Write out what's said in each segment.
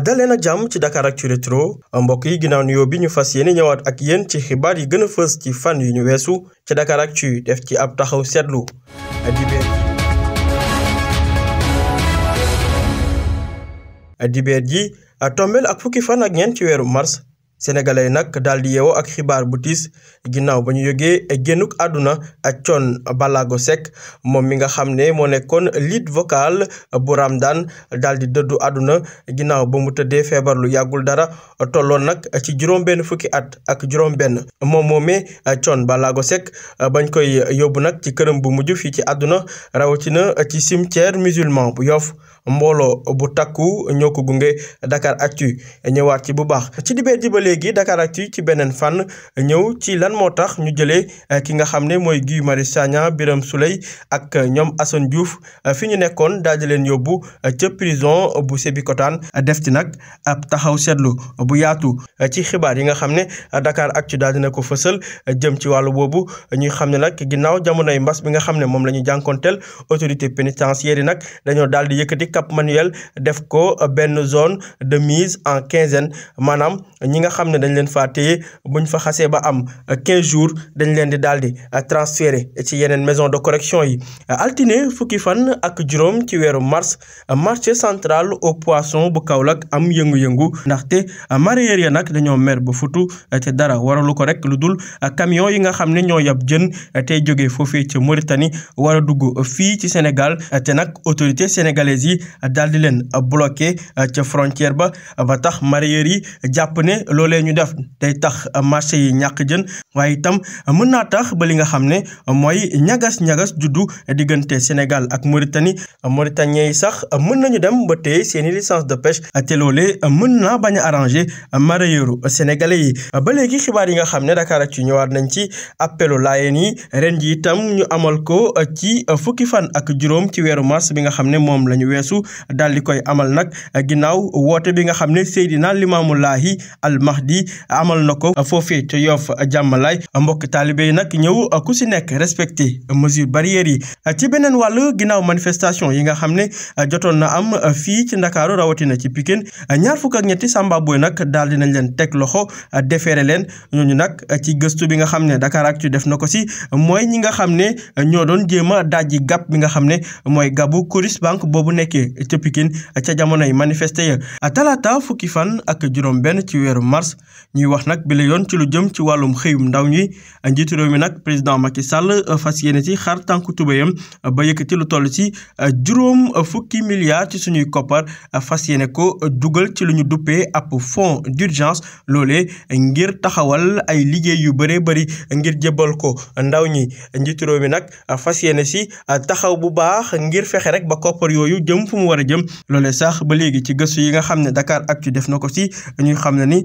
daleen na jàmm ci Dakaractu Retro mbokk yi ginnaaw nuyoo bi ñu fas yéene ñëwaat ak yéen ci xibaar yi gën a fës ci fan yu ñu weesu ci Dakaractu def ci ab taxaw seetlu dibeer dibeer ji tombeel ak fukki fan ak ñeent ci weeru mars sénégalais nag daal di yeewoo ak xibaar bu tiis ginnaaw ba ñu yogee génnuk àdduna ak Thione Ballago Seck moom mi nga xam ne moo nekkoon liit vocal bu Ramdan daal di dëddu àdduna ginnaaw ba mu tëddee feebar lu yàggul dara tolloon nag ci juróom-benn fukki at ak juróom-benn moom moomee Thione Ballago Seck bañ koy yóbbu nag ci këram bu mujj fii ci àdduna rawatina ci cimetière musulman bu Yoff mbooloo bu takku ñoo ko gunge Dakar Actu ñëwaat ci bu baax ci dibéer léegi Dakaractu ci beneen fànn ñëw ci lan moo tax ñu jëlee eh, ki nga xam ne mooy Guy Marius Sagna Birame Souleye ak eh, ñoom Assane Diouf eh, fi ñu nekkoon daal di leen yóbbu ca prison bu Sébikotane def ci nag ab taxaw seetlu bu yaatu ci xibaar yi nga xam ne Dakaractu daal dina ko fësal jëm ci wàllu boobu ñuy xam ne nag ginnaaw jamonoy mbas bi nga xam ne moom la ñu jànkonteel autorité pénitentiaire yi nag dañoo daal di yëkkati Cap Manuel def ko benn zone de mise en quinzaine maanaam xam dañ leen faa buñ fa xassé ba am 15 jours dañ leen di transférer et transféré ci yenen maison de correction yi altine fukki fan ak juróom ci wéru mars marché central au poisson bu kaolak am yëngu-yëngu marie mareyeur ya nak dañoo mer bu futu té dara waralu ko rek camion yi nga xam ne ñoo yab jën té jógee fofé ci Mauritanie war a dugg fii ci Sénégal té nak autorité sénégalaise yi daldi leen bloqué ci frontière ba ba tax mareyeur yi jàpp loolee ñu def day tax euh, marché yi ñak jën waye tam euh, mën naa tax ba li nga xamné euh, moy ñagas-ñagas juddu digënté Sénégal ak Mauritanie Mauritanie yi sax mën nañu dem ba tey seeni licence de pêche te loolee mën naa bañ a marayeru sénégalais yi ba légui xibaar yi nga xamné Dakar ci ñëwaat nañ ci appelu layen yi ren ji tam ñu amal ko ci fukki fan ak juroom ci wéru mars bi nga xamné mom lañu la dal di koy amal nak ginnaw wote bi nga xamné Seydina Limaamu al Mahdi amal na ko foofe ca Yoff jàmmalaay mbokk taalibe yi nag ñëw ku si nekk respecté mesure barrières yi ci beneen wàll ginnaaw manifestation yi nga xam ne jotoon na am fii ci Ndakaaru rawatina ci pikin ñaar fukk ak ñetti Samba Boy nag daal dinañ leen teg loxo leen ñooñu nag ci gëstu bi nga xam ne ci def na ko si mooy ñi nga xam ne ñoo doon jéem a dajji gàpp bi nga xam ne mooy gabu Coris Bank boobu nekkee ca Pikine ca jamonoy manifester ya talaata fukki fan ak juróom benn ci weeru mars mars ñuy wax nag bi la yoon ci lu jëm ci wàllum xëyum ndaw ñi njiitu mi nag président Macky sàll euh, fas yéene ci xar tànku tubéyam euh, ba yëkk ci lu toll ci euh, juróom fukki milliards ci suñuy koppar fas yéene ko dugal ci lu ñu duppee ab fonds d'urgence loolee ngir taxawal ay liggéey yu bëree bëri ngir jébbal ko ndaw ñi njiitu réew nag fas yéene si taxaw bu baax ngir fexe rek ba koppar yooyu jëm fu mu war a jëm loole sax ba léegi ci gëstu yi nga xam ne Dakar Actu def na ko si ñuy xam ne ni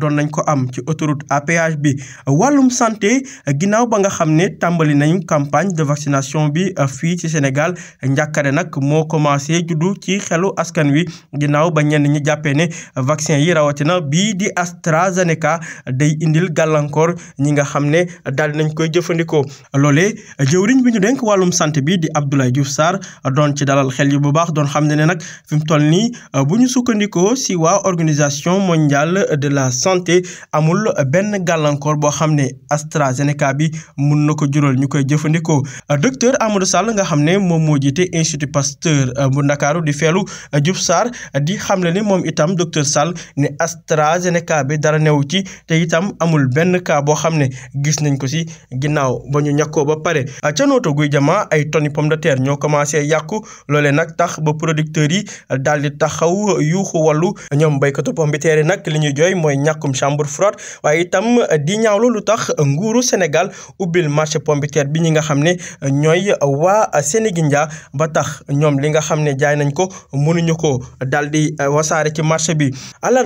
doon nañ ko am ci autoroute à bi wàllum santé ginnaaw ba nga xam ne tàmbali nañu campagne de vaccination bi fii ci Sénégal njàkkare nag moo commencé juddu ci xelu askan wi ginnaaw ba ñenn ñi jàppee ne vaccin yi rawatina bii di AstraZeneca day indil gàllankoor ñi nga xam ne daal nañ koy jëfandikoo loole jëwriñ bi ñu denk wàllum santé bi di Abdoulaye Diouf Sarr doon ci dalal xel yi bu baax doon xam ne ne nag fi mu toll nii bu ñu sukkandikoo si waa organisation mondiale de la santé amul benn gàllankoor boo xam ne AstraZeneca bi mun na ko jural ñu koy jëfandikoo docteur Amadou Sall nga xam ne moom moo jiite institut Pasteur euh, bu Ndakaaru di feelu euh, Diouf Sarr di xamle ne moom itam docteur Sall ne AstraZeneca bi dara new ci te itam amul benn kaa boo xam ne gis nañ ko si ginnaaw ba ñu ñakkoo ba pare ca nooto guy jama ay toni pomme de terre ñoo commencé yàqu loole nag tax ba producteurs yi daal di taxaw yuuxu wàllu ñoom béykatu pomme yi nag li ñuy jooy comme chambre froide waye itam eh, di ñaawlu lu nguru eh, nguuru Sénégal ubil marché pompiteer bi ñi nga xam ne eh, ñooy waa Sénégindia ba tax ñom li nga jaay nañ ko mënuñu ko daldi di ci marché bi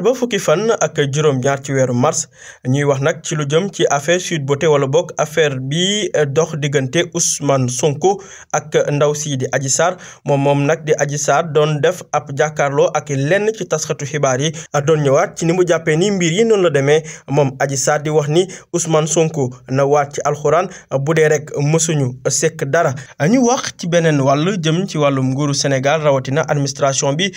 ba fukki fan ak juroom ñaar ci wéru mars ñuy wax nak ci lu jëm ci affaire sud Beauté wala bok affaire bi dox digënté Ousmane Sonko ak ndaw sii di Adji Sarr mom mom nak di Adji Sarr don def ap jakarlo ak lenn ci taskatu xibaar yi doon ñëwaat ci ni mu ni mbir yi ni noonu la demee moom aji Sarr di wax ni Ousmane Sonko na waat ci alxuraan bu dee rek mësuñu sekk dara ñu wax ci beneen wàll jëm ci wàllum nguuru Sénégal rawatina administration bi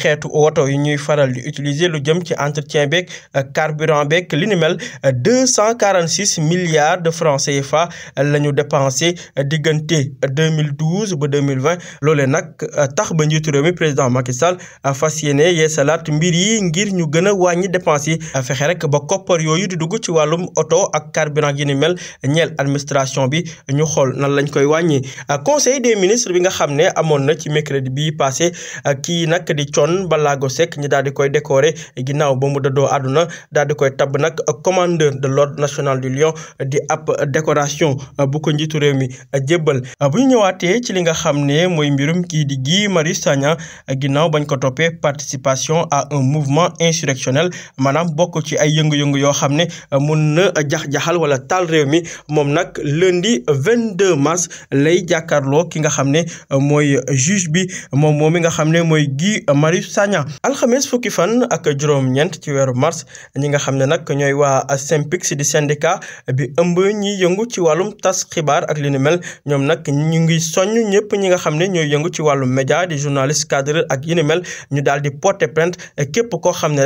xeetu woto yi ñuy faral di utiliser lu jëm ci entretien beeg carburant beeg li ni mel deux cent quarante six milliards de francs CFA la ñu dépensé diggante deux mille douze ba deux mille vingt loolee nag tax ba njiitu réew mi président Macky Sall fas yéene yeesalaat mbir yi ngir ñu gën a wàññi dépense yi fexe rek ba koppar yooyu di dugg ci wàllum oto ak carburant yi ni mel ñeel administration bi ñu xool nan lañ koy wàññi ah, conseil des ministre bi nga xam ne amoon na ci mercredi bi passé ah, kii nag di Thione Ballago Seck ñi daal di koy décorer ginnaaw ba mu dëddoo àdduna daal di koy tabb nag commandeur de l'ordre national du Lion di ab décoration ah, bu ko njiitu réew mi jébbal bu ñu ñëwaatee ci li nga xam ne mooy mbirum kii di Guy Marius Sagna ginnaaw bañ ko toppee participation à un mouvement ko ci ay yëngu-yëngu yoo xam ne euh, mun na jax-jaxal wala taal réew mi moom nag lundi 22 mars lay jàkkaarloo ki nga xam ne euh, mooy juge bi moom moom mi nga xam ne mooy Guy Marius Sagna alxames fukki fan ak juróom-ñeent ci weeru mars ñi nga xam ne nag ñooy waa SYNPICS di syndicat bi ëmb ñi yëngu ci wàllum tas xibaar ak li mel ñoom nag ñu ngi soñ ñëpp ñi nga xam ne ñooy yëngu ci wàllum média di journaliste cadre ak yi ñu daal di porter képp koo xam ne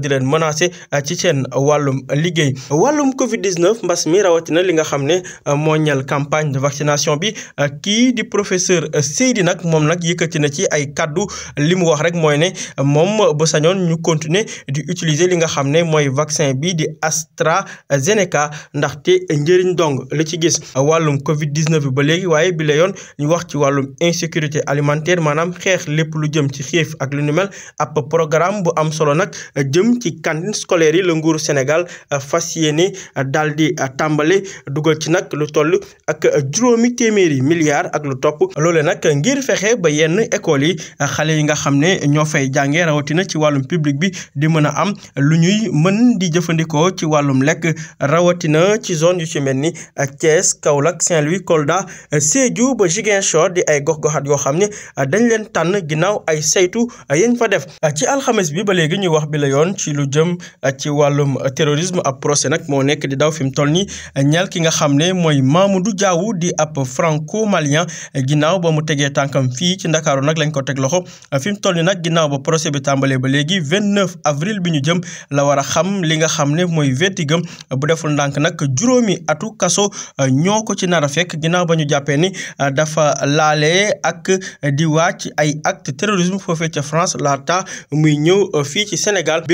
di leen menacé euh, ci seen wàllum liggéey wàllum Covid 19 mbas mi rawatina li nga xam ne euh, moo campagne de vaccination bi euh, kii di professeur Seydi nag moom nag yëkkati na ci ay kàddu li mu wax rek mooy ne moom ba sañoon ñu continuer di utiliser li nga xam ne mooy vaccin bi di AstraZeneca ndaxte njëriñ dong la ci gis wàllum Covid 19 bi ba léegi waaye bi la yoon ñu wax ci wàllum insécurité alimentaire maanaam xeex lépp lu jëm ci xiif ak lu nu mel ab programme bu am solo nag jëm ci cantine scolaire yi la nguuru Sénégal euh, fas yéene euh, daal di euh, tàmbale dugal ci nag lu toll ak juróomi téeméeri milliards ak lu topp loole nag ngir fexe ba yenn école yi xale yi nga xam ne ñoo fay jàngee rawatina ci wàllum public bi di mën a am lu ñuy mën di jëfandikoo ci wàllum lekk rawatina ci zone yu ci mel ni Thiès Kaolack Saint-Louis Kolda Sédhiou ba Ziguinchor di ay gox-goxaat yoo xam ne dañ leen tànn ginnaaw ay saytu yañ fa def ci alxames bi ba léegi ñuy wax bi la yoon ci lu jëm euh, ci wàllum euh, terrorisme ab procès nag moo nekk di daw fi mu toll nii ñeel ki nga xam ne mooy Mamadou Diaw di ab franco malian ginnaaw ba mu tegee tànkam fii ci Ndakaaru nag lañ ko teg loxo fi mu toll nii nag ginnaaw ba procès bi tàmbalee ba léegi 29 avril bi ñu jëm la war a xam li nga xam ne mooy vertigam bu deful ndànk nag juróomi atu kaso euh, ñoo ko ci nar a fekk ginnaaw ba ñu jàppee ni dafa laalee ak di wàcc ay acte terrorisme foofee ca France laata muy ñëw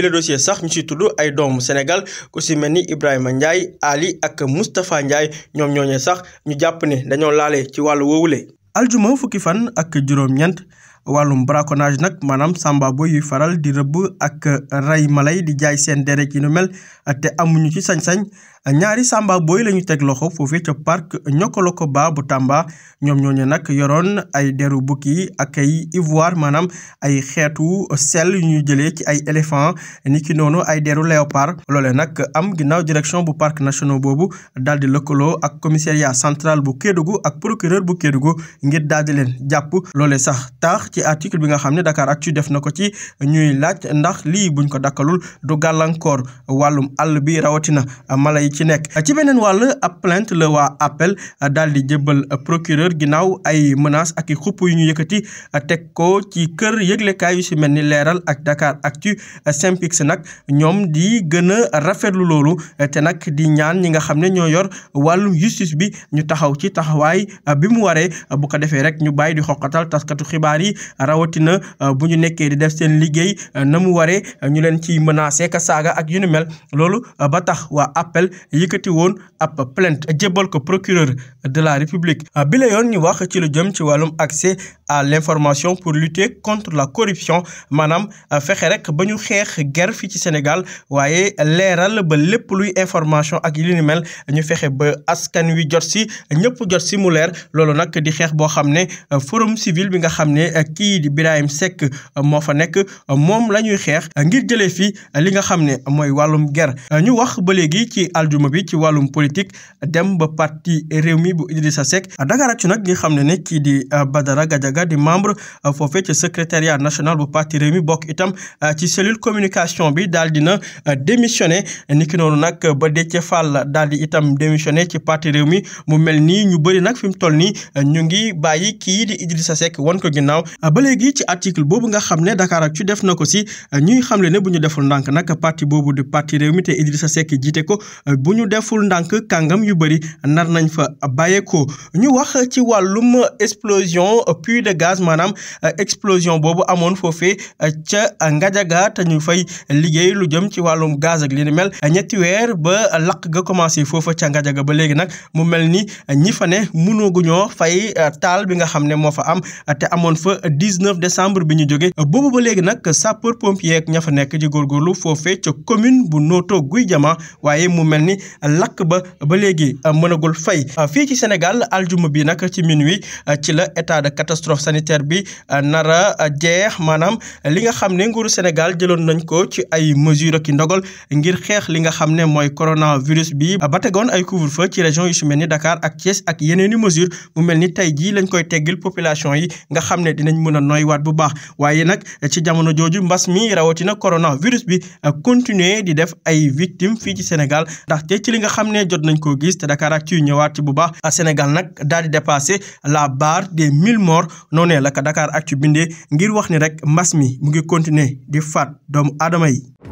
la dossier sax ñu ci tudd ay doomu Sénégal ku si mel ni Ibrahima Ndiaye Ali ak Moustapha Ndiaye ñoom ñooñee sax ñu jàpp ni dañoo laale ci wàllu woowule. aljuma fukki fan ak juróom-ñeent wàllum braconnage nag maanaam samba boy yuy faral di rëbb ak rey malay di jaay seen deret yi nu mel te amuñu ci sañ-sañ. ñaari samba boy la ñu teg loxo fofé ci parc niokolo ba bu Tamba ñom ñoñu nak yoron ay deru buki ak ay ivoire manam ay xétu sel ñu jëlé ci ay éléphant niki nono ay deru léopard lolé nak am ginnaaw direction bu park national bobu dalde di lëkkaloo ak commissariat central bu Kédougou ak procureur bu Kédougou ngir daal di leen jàpp loole sax tax ci article bi nga xamné dakar actu def nako ci ñuy laaj ndax lii buñ ko dakalul du gàllankoor walum albi bi rawatina mala ci nekk ci beneen wàll ab plainte la waa appel euh, daal di jëbal euh, procureur ginnaaw ay menaces ak i xupp yu ñu yëkkati euh, teg ko ci kër yëglekaay yu si mel ni leeral ak Dakar Actu Simpix nag ñoom di gën a rafetlu loolu te nag di ñaan ñi nga xam ne ñoo yor wàllum justice bi ñu taxaw ci taxawaay bi mu waree bu ko defee rek ñu bàyyi di xoqatal taskatu xibaar yi rawatina bu ñu nekkee di def seen liggéey na mu waree ñu leen ci menacé ka saaga ak yu ni mel loolu yëkëti woon ab plainte jébbal ko procureur de la république ah, bi la yoon ñu wax ci lu jëm ci wàllum accès à l'information pour lutter contre la corruption maanaam ah, fexe rek ba ñu xeex ger fii ci Sénégal waaye leeral ba lépp luy information ak li ni mel ñu fexe ba askan wi jot si ñëpp jot si mu leer loolu nag di xeex boo xam ne ah, forum civil bi nga xam ne kii di Birahim Seck moo fa nekk moom la ñuy xeex ngir jëlee fi li nga xam ne mooy wàllum ger ñu wax ba léegi ci alju ajuma bi ci wàllum politique dem ba parti réew mi bu Idrissa Seck Dakaractu nag nga xam ne ne kii di euh, Badara Gadiaga di membre euh, foofee ci secrétariat national bu parti réew mi bokk itam euh, ci cellule communication bi daal dina démissionné niki noonu nag ba Déthié Fall daal di itam démissionné ci parti réew mi mu mel nii ñu bëri nag fi mu toll nii ñu ngi bàyyi kii di Idrissa Seck wan ko ginnaaw ba léegi ci article boobu nga xam ne Dakaractu def na ko si ñuy xamle ne bu ñu deful ndànk kàngam yu bëri nar nañ fa bàyyeekoo ñu wax ci wàllum explosion euh, puits de gaz maanaam euh, explosion boobu amoon foofee euh, ca Ngajaga te ñu fay liggéey lu jëm ci wàllum gaz ak li ni mel ñetti weer ba lakk ga commencé foofa ca Ngajaga ba léegi nag mu mel ni ñi fa ne mënooguñoo fay taal bi nga xam ne moo fa am te amoon fa 19 décembre bi ñu jóge boobu ba léegi nag sapeur pompier ak ña fa nekk di góorgóorlu foofee ca commune bu Notto Gouye Diama ni lakk ba ba léegi euh, mënagul fay euh, fii ci Sénégal aljuma bi nag ci minuit euh, ci la état de catastrophe sanitaire bi nara jeex maanaam li nga xam ne nguuru Sénégal jëloon nañ ko ci ay mesures ki ndogal ngir xeex li nga xam ne mooy coronavirus bi ba tegoon ay couvre-feu ci région yu su mel ni Dakar ak Thiès ak yeneen i mesures mu mel ni tey jii lañ koy teggil population yi nga xam ne dinañ mën a noyyiwaat bu baax waaye nag ci jamono jooju mbas mi rawatina coronavirus bi continuer di def ay victimes fii ci Sénégal. ndaxte ci li nga xam ne jot nañ koo gis te Dakaractu ñëwaat ci bu baax a Sénégal nag daal di la barre des mille morts noonee la ka Dakaractu bindee ngir wax ni rek mbas mi mu ngi continuer di faat doomu aadama yi.